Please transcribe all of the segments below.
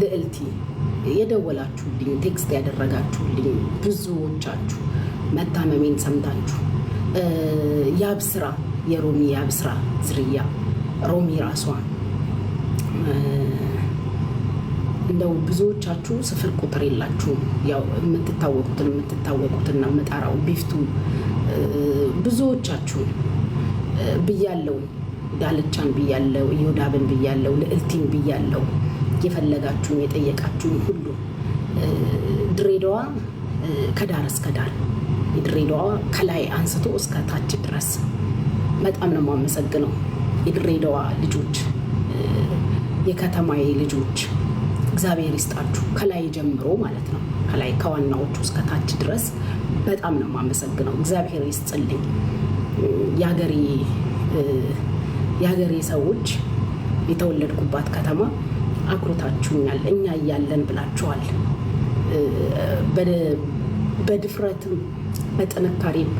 ልዕልቲ የደወላችሁልኝ ቴክስት ያደረጋችሁልኝ ብዙዎቻችሁ መታመሜን ሰምታችሁ ያብስራ የሮሚ ያብስራ ዝርያ ሮሚ ራሷ እንደው ብዙዎቻችሁ ስፍር ቁጥር የላችሁም። ያው የምትታወቁትን የምትታወቁትና የምጠራው ቢፍቱ ብዙዎቻችሁ ብያለው፣ ዳልቻን ብያለው፣ ዮዳብን ብያለው፣ ልዕልቲን ብያለው። የፈለጋችሁም የጠየቃችሁም ሁሉ ድሬዳዋ ከዳር እስከ ዳር የድሬዳዋ ከላይ አንስቶ እስከ ታች ድረስ በጣም ነው የማመሰግነው። የድሬዳዋ ልጆች፣ የከተማዬ ልጆች እግዚአብሔር ይስጣችሁ። ከላይ ጀምሮ ማለት ነው ከላይ ከዋናዎቹ እስከ ታች ድረስ በጣም ነው የማመሰግነው። እግዚአብሔር ይስጥልኝ። የሀገሬ ሰዎች የተወለድኩባት ከተማ አኩርታችሁኛል፣ እኛ እያለን ብላችኋል። በድፍረትም በጥንካሬም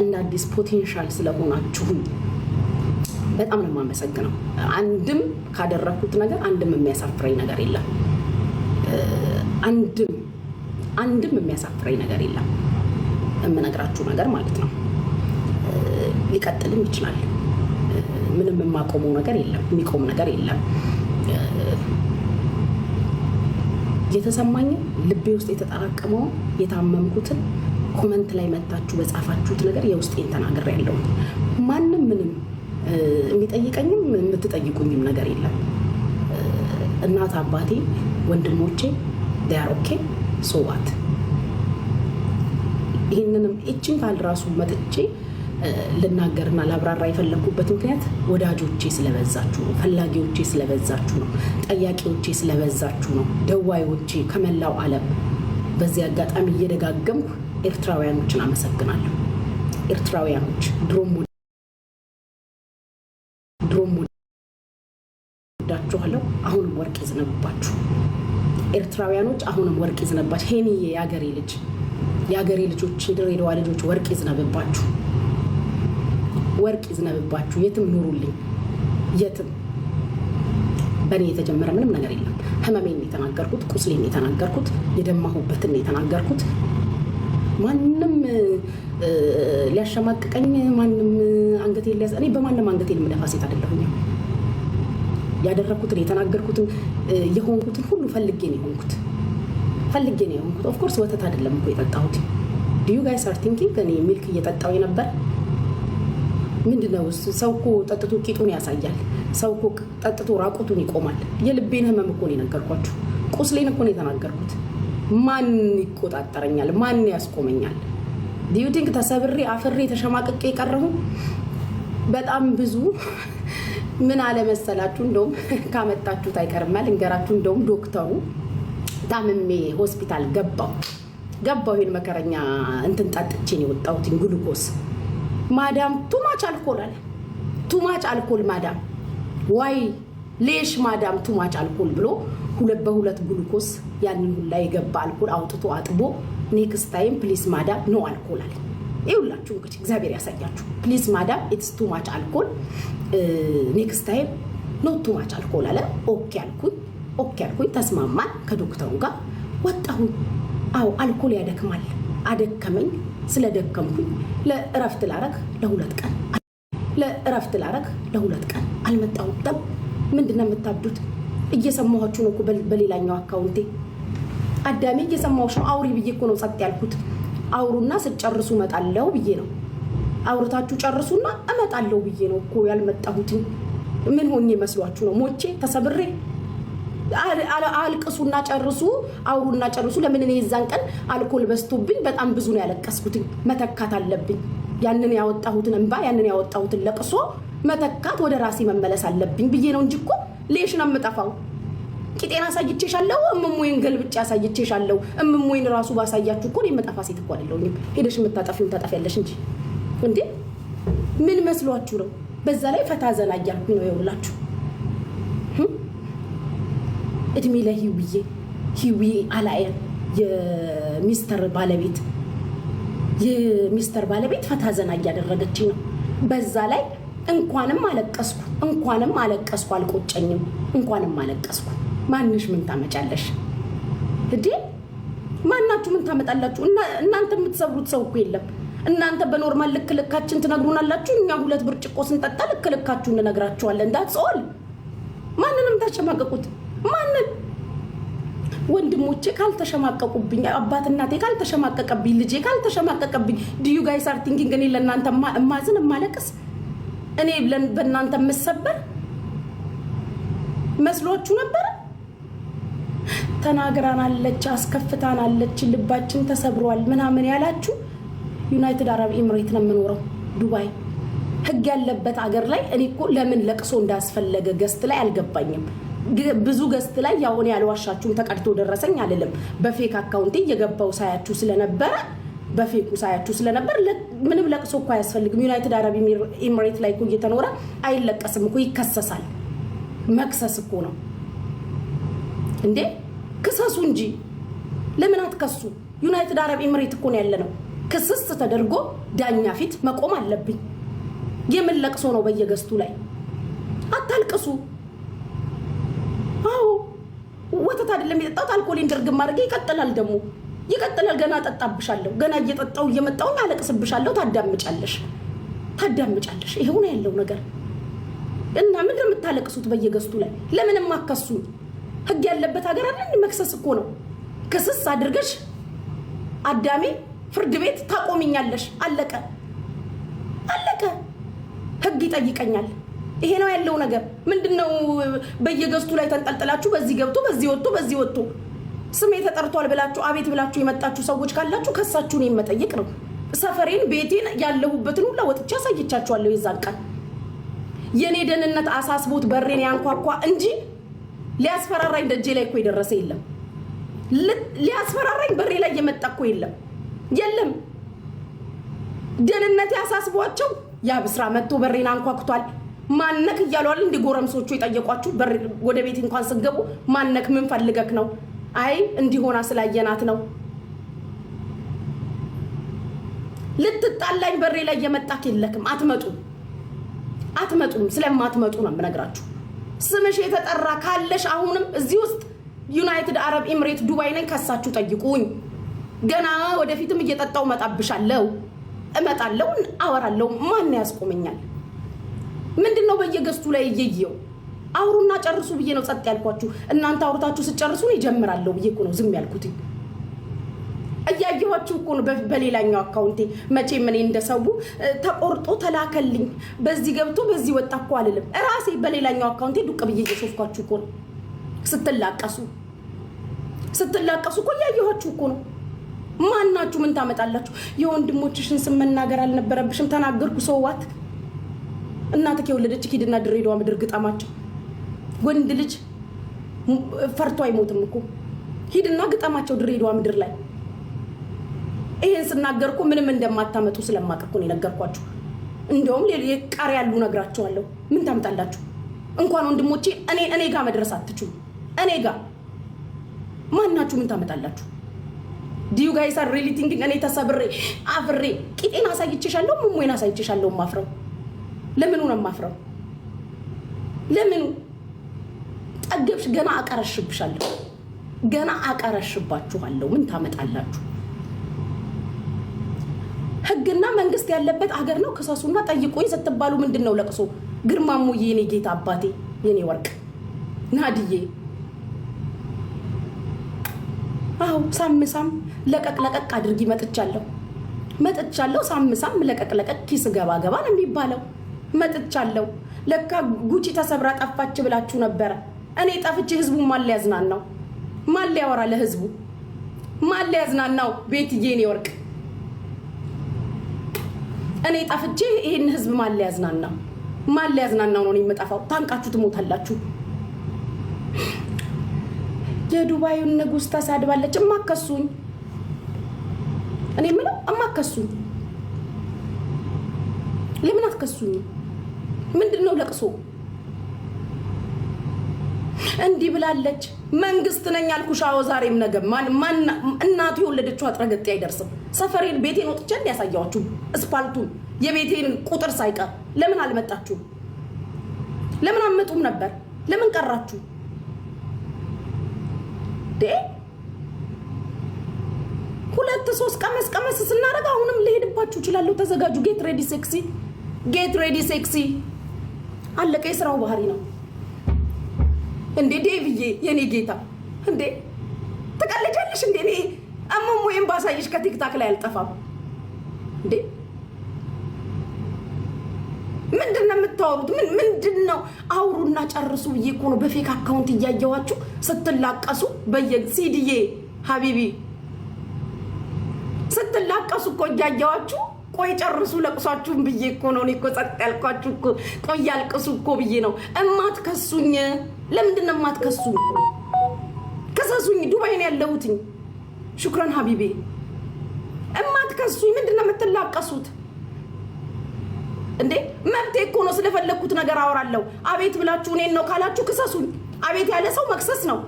እንደ አዲስ ፖቴንሻል ስለሆናችሁ በጣም ነው የማመሰግነው። አንድም ካደረግኩት ነገር አንድም የሚያሳፍረኝ ነገር የለም። አንድም አንድም የሚያሳፍረኝ ነገር የለም። የምነግራችሁ ነገር ማለት ነው። ሊቀጥልም ይችላል። ምንም የማቆመው ነገር የለም። የሚቆም ነገር የለም። የተሰማኝን ልቤ ውስጥ የተጠራቀመው የታመምኩትን ኮመንት ላይ መታችሁ በጻፋችሁት ነገር የውስጤን ተናገር ያለው ማንም ምንም የሚጠይቀኝም የምትጠይቁኝም ነገር የለም። እናት አባቴ፣ ወንድሞቼ ዳያር ኦኬ ሶዋት ይህንንም እችን ካል ራሱ መጥቼ ልናገርና ላብራራ የፈለግኩበት ምክንያት ወዳጆቼ ስለበዛችሁ ነው። ፈላጊዎቼ ስለበዛችሁ ነው። ጠያቂዎቼ ስለበዛችሁ ነው። ደዋዮቼ ከመላው ዓለም በዚህ አጋጣሚ እየደጋገምኩ ኤርትራውያኖችን አመሰግናለሁ። ኤርትራውያኖች ድሮም ድሮም ወዳችኋለሁ። አሁንም ወርቅ ይዝነብባችሁ። ኤርትራውያኖች አሁንም ወርቅ ይዝነባችሁ። ሄኒዬ የአገሬ ልጅ የአገሬ ልጆች የድሬዳዋ ልጆች ወርቅ ይዝነብባችሁ። ወርቅ ይዝነብባችሁ፣ የትም ኑሩልኝ፣ የትም በእኔ የተጀመረ ምንም ነገር የለም። ህመሜን የተናገርኩት፣ ቁስሌን የተናገርኩት፣ የደማሁበትን የተናገርኩት ማንም ሊያሸማቅቀኝ ማንም አንገቴ ሊያስ እኔ በማንም አንገቴ ልምደፋ ሴት አይደለሁኝ። ያደረግኩትን የተናገርኩትን የሆንኩትን ሁሉ ፈልጌ ነው የሆንኩት ፈልጌ ነው የሆንኩት። ኦፍኮርስ ወተት አይደለም እኮ የጠጣሁት። ዲዩ ጋይስ አር ቲንኪንግ እኔ ሚልክ እየጠጣው የነበር ምንድነው? ሰው እኮ ጠጥቶ ቂጡን ያሳያል። ሰው እኮ ጠጥቶ ራቁቱን ይቆማል። የልቤን ህመም እኮ ነው የነገርኳችሁ። ቁስሌን እኮ ነው የተናገርኩት። ማን ይቆጣጠረኛል? ማን ያስቆመኛል? ዲዩቲንግ ተሰብሬ አፍሬ ተሸማቅቄ የቀረሁ በጣም ብዙ ምን አለመሰላችሁ፣ እንደውም ካመጣችሁት አይቀርማል እንገራችሁ። እንደውም ዶክተሩ ታምሜ ሆስፒታል ገባው ገባው ይህን መከረኛ እንትን ጠጥቼን የወጣሁትን ግሉኮስ ማዳም ቱማች አልኮል አለ። ቱማች አልኮል ማዳም ዋይ ሌሽ ማዳም ቱማች አልኮል ብሎ ሁለት በሁለት ግሉኮስ ያንን ሁላ የገባ አልኮል አውጥቶ አጥቦ ኔክስት ታይም ፕሊስ ማዳም ኖ አልኮል አለ። ይኸውላችሁ እንግዲህ እግዚአብሔር ያሳያችሁ። ፕሊስ ማዳም ኢትስ ቱማች አልኮል ኔክስት ታይም ኖ ቱማች አልኮል አለ። ኦኬ አልኩኝ። ኦኬ አልኩኝ። ተስማማን ከዶክተሩ ጋር ወጣሁኝ። አዎ አልኮል ያደክማል። አደከመኝ። ስለደከምኩኝ ለእረፍት ላረግ ለሁለት ቀን ለእረፍት ላረግ ለሁለት ቀን አልመጣሁም። ጠብ ምንድን ነው የምታብዱት? እየሰማኋችሁ ነው እኮ በሌላኛው አካውንቴ አዳሜ እየሰማሁሽ ነው። አውሪ ብዬ እኮ ነው ጸጥ ያልኩት። አውሩና ስጨርሱ እመጣለሁ ብዬ ነው። አውርታችሁ ጨርሱና እመጣለሁ ብዬ ነው እኮ ያልመጣሁትኝ። ምን ሆኜ መስሏችሁ ነው? ሞቼ ተሰብሬ አልቅሱና ጨርሱ፣ አውሩና ጨርሱ። ለምን እኔ የዛን ቀን አልኮል በዝቶብኝ በጣም ብዙ ነው ያለቀስኩትኝ። መተካት አለብኝ ያንን ያወጣሁትን እንባ ያንን ያወጣሁትን ለቅሶ መተካት ወደ ራሴ መመለስ አለብኝ ብዬ ነው እንጂ እኮ ሌሽ ነው የምጠፋው። ቂጤን አሳይቼሻለሁ፣ እምሞይን ገልብጬ አሳይቼሻለሁ። እምሞይን ራሱ ባሳያችሁ እኮ የምጠፋ ሴት እኮ አይደለሁኝም። ሄደሽ የምታጠፊውን ታጠፊያለሽ እንጂ እንዴ ምን መስሏችሁ ነው? በዛ ላይ ፈታ ዘና እያልኩኝ ነው የውላችሁ እድሜ ለሂውዬ ሂዊ አላየን የሚስተር ባለቤት የሚስተር ባለቤት ፈታ ዘና እያደረገች ነው። በዛ ላይ እንኳንም አለቀስኩ እንኳንም አለቀስኩ አልቆጨኝም፣ እንኳንም አለቀስኩ። ማንሽ ምን ታመጫለሽ እዴ? ማናችሁ ምን ታመጣላችሁ? እናንተ የምትሰብሩት ሰው እኮ የለም። እናንተ በኖርማል ልክ ልካችን ትነግሩናላችሁ። እኛ ሁለት ብርጭቆ ስንጠጣ ልክ ልካችሁ እንነግራችኋለን። ዳጽል ማንንም ታሸማቀቁት ማንን ወንድሞቼ ካልተሸማቀቁብኝ አባት እናቴ ካልተሸማቀቀብኝ ልጄ ካልተሸማቀቀብኝ ድዩ ጋይስ አር ቲንኪንግ እኔ ለእናንተ እማዝን እማለቅስ እኔ በእናንተ የምሰበር መስሏችሁ ነበር። ተናግራናለች፣ አስከፍታናለች፣ ልባችን ተሰብሯል ምናምን ያላችሁ ዩናይትድ አረብ ኤምሬት ነው የምኖረው ዱባይ ህግ ያለበት አገር ላይ እኔ እኮ ለምን ለቅሶ እንዳስፈለገ ገስት ላይ አልገባኝም። ብዙ ገስት ላይ ያሁን ያልዋሻችሁም ተቀድቶ ደረሰኝ አልልም። በፌክ አካውንት እየገባው ሳያችሁ ስለነበረ በፌኩ ሳያችሁ ስለነበር ምንም ለቅሶ እኮ አያስፈልግም። ዩናይትድ አረብ ኤምሬት ላይ እኮ እየተኖረ አይለቀስም እኮ ይከሰሳል። መክሰስ እኮ ነው እንዴ! ክሰሱ እንጂ ለምን አትከሱ? ዩናይትድ አረብ ኤምሬት እኮ ነው ያለ ነው። ክስስ ተደርጎ ዳኛ ፊት መቆም አለብኝ። የምን ለቅሶ ነው በየገስቱ ላይ? አታልቅሱ። አይደለም የጠጣሁት አልኮሌን ድርግም አድርጌ ይቀጥላል ደግሞ ይቀጥላል። ገና እጠጣብሻለሁ። ገና እየጠጣሁ እየመጣሁኝ አለቅስብሻለሁ። ታዳምጫለሽ ታዳምጫለሽ። ይሄው ነው ያለው ነገር እና ምን የምታለቅሱት በየገዝቱ ላይ ለምንም አከሱ ህግ ያለበት ሀገር አለ። መክሰስ እኮ ነው። ክስስ አድርገሽ አዳሜ ፍርድ ቤት ታቆሚኛለሽ። አለቀ አለቀ። ህግ ይጠይቀኛል። ይሄ ነው ያለው ነገር። ምንድነው በየገዝቱ ላይ ተንጠልጥላችሁ በዚህ ገብቶ በዚህ ወጥቶ በዚህ ወጥቶ ስሜ ተጠርቷል ብላችሁ አቤት ብላችሁ የመጣችሁ ሰዎች ካላችሁ ከሳችሁን የመጠየቅ ነው። ሰፈሬን፣ ቤቴን፣ ያለሁበትን ሁላ ወጥቼ አሳይቻችኋለሁ። የዛን ቀን የእኔ ደህንነት አሳስቦት በሬን ያንኳኳ እንጂ ሊያስፈራራኝ ደጄ ላይ እኮ የደረሰ የለም። ሊያስፈራራኝ በሬ ላይ የመጣ እኮ የለም የለም። ደህንነት ያሳስቧቸው ያ ብስራ መጥቶ በሬን አንኳኩቷል ማነክ እያሉ አይደል እንደ ጎረምሶቹ የጠየቋችሁ። በር ወደ ቤት እንኳን ስገቡ ማነክ ምን ፈልገክ ነው? አይ እንዲሆና ስላየናት ነው። ልትጣላኝ በሬ ላይ የመጣክ የለክም። አትመጡም፣ አትመጡም። ስለማትመጡ ነው የምነግራችሁ። ስምሽ የተጠራ ካለሽ አሁንም እዚህ ውስጥ ዩናይትድ አረብ ኤምሬት ዱባይ ነኝ፣ ከሳችሁ ጠይቁኝ። ገና ወደፊትም እየጠጣው እመጣብሻለሁ፣ እመጣለሁ፣ አወራለሁ። ማን ያስቆመኛል? ምንድን ነው በየገዝቱ ላይ እየየው አውሩና ጨርሱ ብዬ ነው ጸጥ ያልኳችሁ። እናንተ አውርታችሁ ስጨርሱን ይጀምራለሁ ብዬ እኮ ነው ዝም ያልኩት። እያየኋችሁ እኮ ነው በሌላኛው አካውንቴ። መቼም እኔ እንደሰው ተቆርጦ ተላከልኝ በዚህ ገብቶ በዚህ ወጣ እኮ አልልም። እራሴ በሌላኛው አካውንቴ ዱቅ ብዬ እየሾፍኳችሁ እኮ ነው ስትላቀሱ ስትላቀሱ እኮ እያየኋችሁ እኮ ነው። ማናችሁ ምን ታመጣላችሁ? የወንድሞችሽን ስም መናገር አልነበረብሽም። ተናገርኩ ሰዋት እናትህ የወለደች ሂድና ድሬዳዋ ምድር ግጠማቸው። ወንድ ልጅ ፈርቶ አይሞትም እኮ ሂድና ግጠማቸው ድሬዳዋ ምድር ላይ። ይህን ስናገር እኮ ምንም እንደማታመጡ ስለማቅ እኮ ነው የነገርኳችሁ። እንደውም ቃር ያሉ ነግራችኋለሁ። ምን ታምጣላችሁ? እንኳን ወንድሞቼ እኔ እኔ ጋር መድረስ አትችሉ። እኔ ጋር ማናችሁ ምን ታመጣላችሁ? ዲዩ ጋይስ አር እኔ ተሰብሬ አፍሬ ቂጤን አሳይቼሻለሁ፣ ሙሙን አሳይቼሻለሁ ማፍረው ለምኑ ነው የማፍረው? ለምኑ ጠገብሽ? ገና አቀረሽብሻለሁ፣ ገና አቀረሽባችኋለሁ። ምን ታመጣላችሁ? ህግና መንግስት ያለበት ሀገር ነው። ክሰሱና ጠይቁኝ ስትባሉ ምንድን ነው ለቅሶ? ግርማሙዬ፣ የኔ ጌታ አባቴ፣ የኔ ወርቅ ናድዬ፣ አዎ ሳምሳም ለቀቅ ለቀቅ አድርጊ መጥቻለሁ መጥቻለሁ ሳምሳም ለቀቅ ለቀቅ ኪስ ገባ ገባ ነው የሚባለው። መጥቻለሁ። ለካ ጉቺ ተሰብራ ጠፋች ብላችሁ ነበረ። እኔ ጠፍቼ ህዝቡ ማን ሊያዝናናው? ማን ሊያወራ ለህዝቡ? ማን ሊያዝናናው? ቤትዬ የኔ ወርቅ፣ እኔ ጠፍቼ ይህን ህዝብ ማን ሊያዝናናው? ማን ሊያዝናናው ነው የምጠፋው? ታንቃችሁ ትሞታላችሁ። የዱባዩን ንጉስ ተሳድባለች። እማከሱኝ እኔ ምለው እማከሱኝ፣ ለምን አትከሱኝ? ምንድን ነው ለቅሶ? እንዲህ ብላለች። መንግስት ነኝ አልኩሽ። አዎ ዛሬም ነገ እናቱ የወለደችው አጥረገጤ አይደርስም። ሰፈሬን ቤቴን ወጥቼ ያሳያችሁ እስፓልቱን የቤቴን ቁጥር ሳይቀር ለምን አልመጣችሁ? ለምን አመጡም ነበር? ለምን ቀራችሁ? ሁለት ሶስት ቀመስ ቀመስ ስናደርግ አሁንም ልሄድባችሁ እችላለሁ። ተዘጋጁ። ጌት ሬዲ ሴክሲ፣ ጌት ሬዲ ሴክሲ አለቀ። የስራው ባህሪ ነው እንዴ ዴቪዬ፣ የኔ ጌታ እንዴ ትቀልጃለሽ እንዴ? እኔ እሙሙ ወይም ባሳይሽ ከቲክታክ ላይ አልጠፋም እንዴ። ምንድን ነው የምታወሩት? ምን ምንድን ነው? አውሩና ጨርሱ ብዬ እኮ ነው በፌክ አካውንት እያየዋችሁ ስትላቀሱ በየሲዲዬ ሀቢቢ ስትላቀሱ እኮ እያየዋችሁ ቆይ ጨርሱ ለቅሷችሁን ብዬ እኮ ነው። እኔ እኮ ጸጥ ያልኳችሁ እኮ ቆይ አልቅሱ እኮ ብዬ ነው። እማትከሱኝ ለምንድን ነው የማትከሱኝ? ከሰሱኝ። ዱባይ ነው ያለሁትኝ። ሹክረን ሀቢቤ እማትከሱኝ ምንድን ነው የምትላቀሱት እንዴ? መብቴ እኮ ነው። ስለፈለግኩት ነገር አወራለሁ። አቤት ብላችሁ እኔን ነው ካላችሁ ክሰሱኝ። አቤት ያለ ሰው መክሰስ ነው።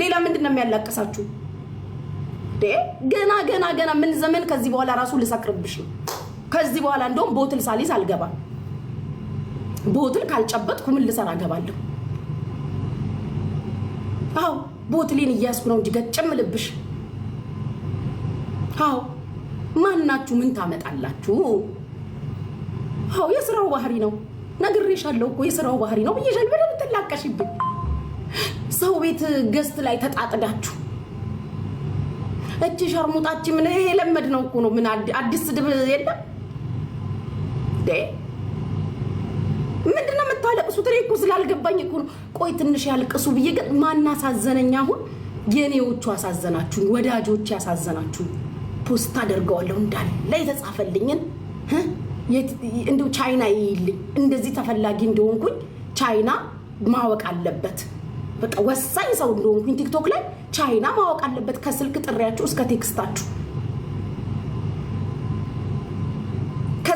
ሌላ ምንድን ነው የሚያላቅሳችሁ? ገና ገና ገና ምን ዘመን ከዚህ በኋላ ራሱ ልሰክርብሽ ነው። ከዚህ በኋላ እንደውም ቦትል ሳሊዝ አልገባም። ቦትል ካልጨበጥኩ ምን ልሰራ እገባለሁ? አዎ ቦትሌን እያስኩ ነው እንጂ ገጭምልብሽ። አዎ ማናችሁ ምን ታመጣላችሁ? አዎ የስራው ባህሪ ነው። ነግሬሻለሁ እኮ የስራው ባህሪ ነው ብዬሻል። በደምብ ትላቀሽብኝ። ሰው ቤት ገስት ላይ ተጣጥዳችሁ እቺ ሸርሙጣችን ምን የለመድ ነው እኮ ነው። ምን አዲስ ስድብ የለም ምንድነው የምታለቅሱት? እኔ እኮ ስላልገባኝ እኮ ነው። ቆይ ትንሽ ያልቅሱ ብዬ ግን ማን አሳዘነኝ? አሁን የኔዎቹ አሳዘናችሁኝ፣ ወዳጆች ያሳዘናችሁኝ። ፖስት አደርገዋለሁ እንዳለ የተጻፈልኝን እንደው ቻይና ይይልኝ። እንደዚህ ተፈላጊ እንደሆንኩኝ ቻይና ማወቅ አለበት። በቃ ወሳኝ ሰው እንደሆንኩኝ ቲክቶክ ላይ ቻይና ማወቅ አለበት። ከስልክ ጥሪያችሁ እስከ ቴክስታችሁ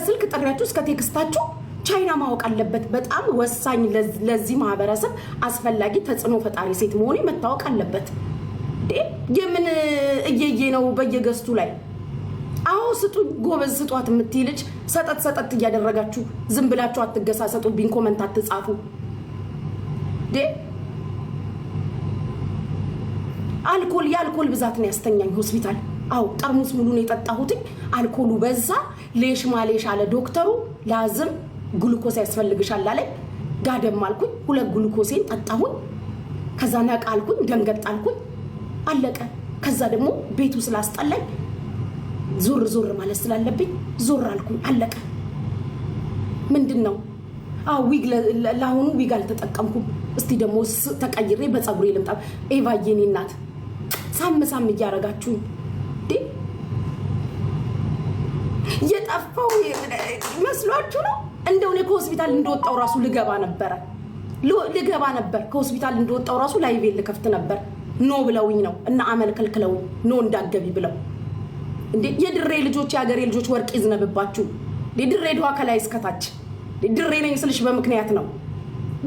ከስልክ ጥሪያችሁ እስከ ቴክስታችሁ ቻይና ማወቅ አለበት። በጣም ወሳኝ ለዚህ ማህበረሰብ አስፈላጊ ተጽዕኖ ፈጣሪ ሴት መሆኔ መታወቅ አለበት። የምን እየዬ ነው በየገዝቱ ላይ አዎ ስጡ፣ ጎበዝ ስጧት የምትይ ልጅ ሰጠት ሰጠት እያደረጋችሁ ዝም ብላችሁ አትገሳሰጡብኝ፣ ኮመንት አትጻፉ። አልኮል የአልኮል ብዛት ነው ያስተኛኝ ሆስፒታል አው ጠርሙስ ሙሉን የጠጣሁት አልኮሉ በዛ። ሌሽ ማሌሽ አለ ዶክተሩ። ላዝም ግሉኮስ ያስፈልግሻል አለኝ። ጋደም አልኩኝ። ሁለት ግሉኮሴን ጠጣሁኝ። ከዛ ነቃ አልኩኝ። ደንገጥ አልኩኝ። አለቀ። ከዛ ደግሞ ቤቱ ስላስጠላኝ ዞር ዞር ማለት ስላለብኝ ዞር አልኩኝ። አለቀ። ምንድን ነው ዊግ ለአሁኑ ዊግ አልተጠቀምኩም። እስቲ ደግሞ ተቀይሬ በፀጉሬ ልምጣ። ኤቫዬኔ ናት ሳም ሳም እያረጋችሁኝ እየጠፋው መስሏችሁ ነው። እንደው እኔ ከሆስፒታል እንደወጣው ራሱ ልገባ ነበረ ልገባ ነበር። ከሆስፒታል እንደወጣው ራሱ ላይቤል ልከፍት ነበር። ኖ ብለውኝ ነው እና አመልከልክለውኝ ኖ እንዳገቢ ብለው እንዴ የድሬ ልጆች የሀገሬ ልጆች ወርቅ ይዝነብባችሁ። ድሬ ድዋ ከላይ እስከታች ድሬ ነኝ ስልሽ በምክንያት ነው።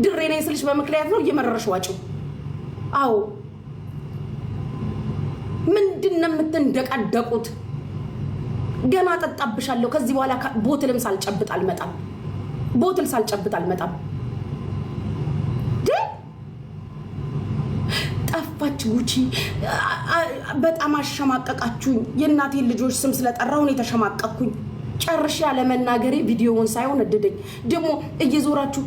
ድሬ ነኝ ስልሽ በምክንያት ነው። እየመረረሽ ዋጭው። አዎ ምንድን ነው የምትንደቃደቁት? ገና ጠጣብሻለሁ። ከዚህ በኋላ ቦትልም ሳልጨብጥ አልመጣም። ቦትል ሳልጨብጥ አልመጣም። ጠፋች ጉቺ። በጣም አሸማቀቃችሁኝ። የእናቴን ልጆች ስም ስለጠራሁን የተሸማቀቅኩኝ ጨርሻ ለመናገሬ ቪዲዮውን ሳይሆን እድደኝ ደግሞ እየዞራችሁ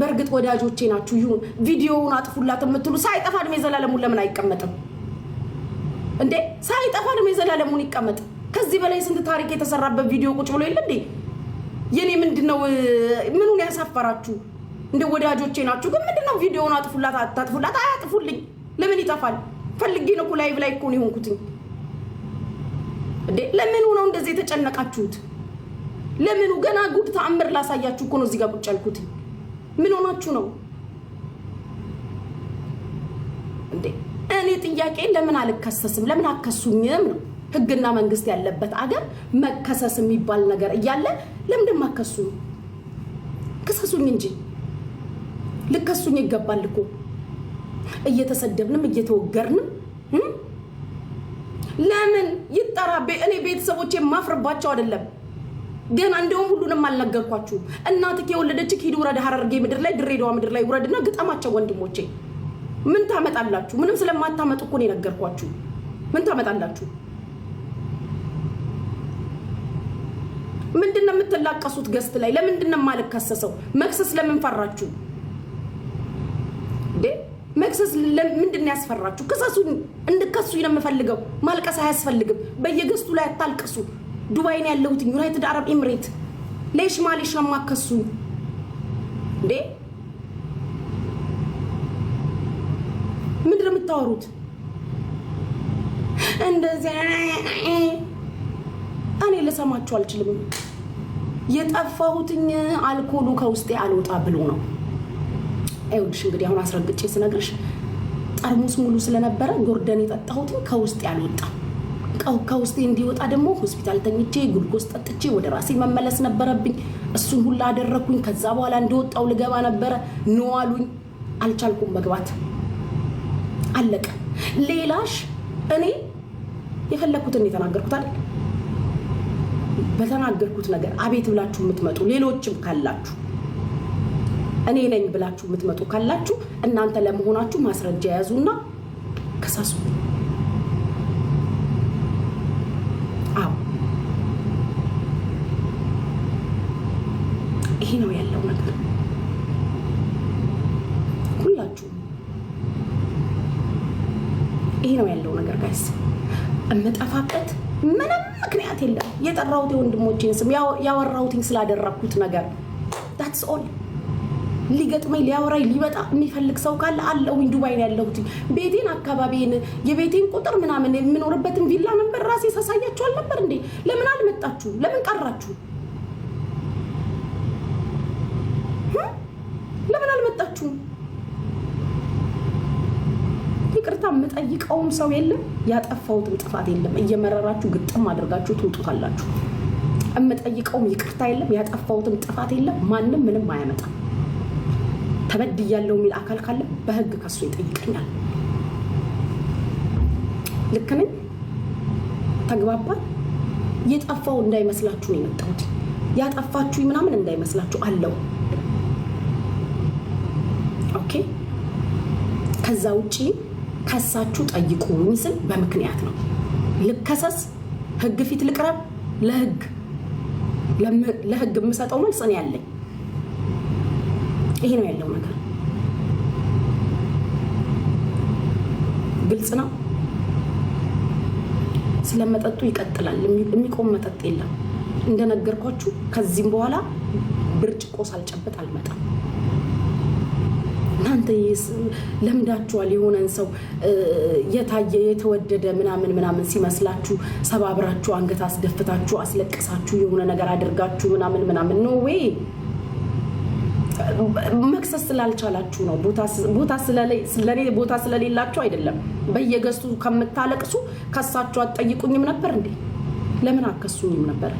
በእርግጥ ወዳጆቼ ናችሁ ይሁን ቪዲዮውን አጥፉላት የምትሉ ሳይጠፋ እድሜ ዘላለሙን ለምን አይቀመጥም እንዴ? ሳይጠፋ እድሜ ዘላለሙን ይቀመጥ። ከዚህ በላይ ስንት ታሪክ የተሰራበት ቪዲዮ ቁጭ ብሎ የለ እንዴ? የኔ ምንድነው? ምኑን ያሳፈራችሁ እንደ ወዳጆቼ ናችሁ። ግን ምንድነው ቪዲዮውን አጥፉላት፣ አታጥፉላት፣ አያጥፉልኝ። ለምን ይጠፋል? ፈልጌ ነው እኮ ላይቭ ላይ እኮ ነው የሆንኩትኝ። ለምኑ ነው እንደዚህ የተጨነቃችሁት? ለምኑ ገና ጉድ ተአምር ላሳያችሁ እኮ ነው እዚህ ጋር ቁጭ ያልኩት። ምን ሆናችሁ ነው እንዴ? እኔ ጥያቄ ለምን አልከሰስም? ለምን አከሱኝም ነው ህግና መንግስት ያለበት አገር መከሰስ የሚባል ነገር እያለ ለምንድን ማከሱ? ክሰሱኝ እንጂ ልከሱኝ ይገባል እኮ። እየተሰደብንም እየተወገርንም ለምን ይጠራ? እኔ ቤተሰቦች የማፍርባቸው አይደለም። ገና እንደውም ሁሉንም አልነገርኳችሁ። እናትህ የወለደች ሂድ ውረድ፣ ሀረርጌ ምድር ላይ ድሬዳዋ ምድር ላይ ውረድና ግጠማቸው። ወንድሞቼ ምን ታመጣላችሁ? ምንም ስለማታመጡ እኮ ነው የነገርኳችሁ። ምን ታመጣላችሁ? ምንድን ነው የምትላቀሱት? ገስት ላይ ለምንድን ነው የማልከሰሰው? መክሰስ ለምን ፈራችሁ? መክሰስ ምንድን ነው ያስፈራችሁ? ክሰሱኝ፣ እንድከሱ ነው የምፈልገው። ማልቀስ አያስፈልግም። በየገስቱ ላይ አታልቅሱ። ዱባይን ያለሁትኝ ዩናይትድ አረብ ኤምሬት ሌሽ ማሌሽ ነው የማከሱኝ እንዴ? ምንድን ነው የምታወሩት እንደዚህ እኔ ልሰማችሁ አልችልም። የጠፋሁትኝ አልኮሉ ከውስጤ አልወጣ ብሎ ነው። ይኸውልሽ እንግዲህ አሁን አስረግጬ ስነግርሽ ጠርሙስ ሙሉ ስለነበረ ጎርደን የጠጣሁትኝ ከውስጤ አልወጣም። ከውስጤ እንዲወጣ ደግሞ ሆስፒታል ተኝቼ ጉልኮስ ጠጥቼ ወደ ራሴ መመለስ ነበረብኝ። እሱን ሁላ አደረግኩኝ። ከዛ በኋላ እንደወጣው ልገባ ነበረ ነው አሉኝ። አልቻልኩም መግባት። አለቀ። ሌላሽ እኔ የፈለግኩትን የተናገርኩት አይደል በተናገርኩት ነገር አቤት ብላችሁ የምትመጡ ሌሎችም ካላችሁ እኔ ነኝ ብላችሁ የምትመጡ ካላችሁ እናንተ ለመሆናችሁ ማስረጃ የያዙና ከሳሱ። አዎ ይሄ ነው ያለው ነገር። ሁላችሁም ይሄ ነው ያለው ነገር ጋይስ። እምጠፋበት ምንም ምክንያት የለም። የጠራሁት የወንድሞቼን ስም ያወራሁትኝ ስላደረግኩት ነገር ዳትስ ኦል። ሊገጥመኝ ሊያወራኝ ሊመጣ የሚፈልግ ሰው ካለ አለሁኝ። ዱባይ ነው ያለሁት። ቤቴን፣ አካባቢን፣ የቤቴን ቁጥር ምናምን የምኖርበትን ቪላ ነበር ራሴ ሳሳያችሁ አልነበር እንዴ? ለምን አልመጣችሁ? ለምን ቀራችሁ? የሚቃወም ሰው የለም። ያጠፋሁትም ጥፋት የለም። እየመረራችሁ ግጥም አድርጋችሁ ትውጡታላችሁ። እምጠይቀውም ይቅርታ የለም። ያጠፋሁትም ጥፋት የለም። ማንም ምንም አያመጣም። ተበድያለሁ የሚል አካል ካለ በህግ ከሱ ይጠይቀኛል። ልክ ነኝ? ተግባባል። የጠፋው እንዳይመስላችሁ ነው የመጣሁት። ያጠፋችሁ ምናምን እንዳይመስላችሁ አለው። ኦኬ ከዛ ውጭ ከሳችሁ ጠይቁ ስል በምክንያት ነው። ልከሰስ፣ ህግ ፊት ልቅረብ፣ ለህግ ለህግ የምሰጠው መልስ እኔ ያለኝ ይሄ ነው ያለው ነገር። ግልጽ ነው። ስለመጠጡ ይቀጥላል። የሚቆም መጠጥ የለም። እንደነገርኳችሁ ከዚህም በኋላ ብርጭቆ ሳልጨብጥ አልመጣም። እናንተ ለምዳችኋል። የሆነን ሰው የታየ የተወደደ ምናምን ምናምን ሲመስላችሁ ሰባብራችሁ አንገት አስደፍታችሁ አስለቅሳችሁ የሆነ ነገር አድርጋችሁ ምናምን ምናምን ነው ወይ መክሰስ ስላልቻላችሁ ነው። ለእኔ ቦታ ስለሌላችሁ አይደለም። በየገሱ ከምታለቅሱ ከሳችሁ አትጠይቁኝም ነበር እንዴ? ለምን አከሱኝም ነበር?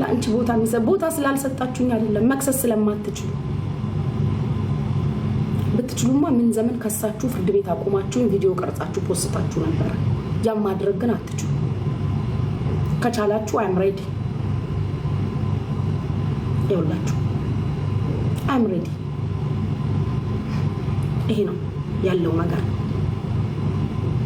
ለአንቺ ቦታ ቦታ ስላልሰጣችሁኝ አይደለም፣ መክሰስ ስለማትችሉ ብትችሉማ ምን ዘመን ከሳችሁ ፍርድ ቤት አቁማችሁን ቪዲዮ ቀርጻችሁ ፖስታችሁ ነበረ። ያም ማድረግ ግን አትችሉ። ከቻላችሁ አይም ሬዲ ይውላችሁ፣ አይም ሬዲ። ይሄ ነው ያለው ነገር።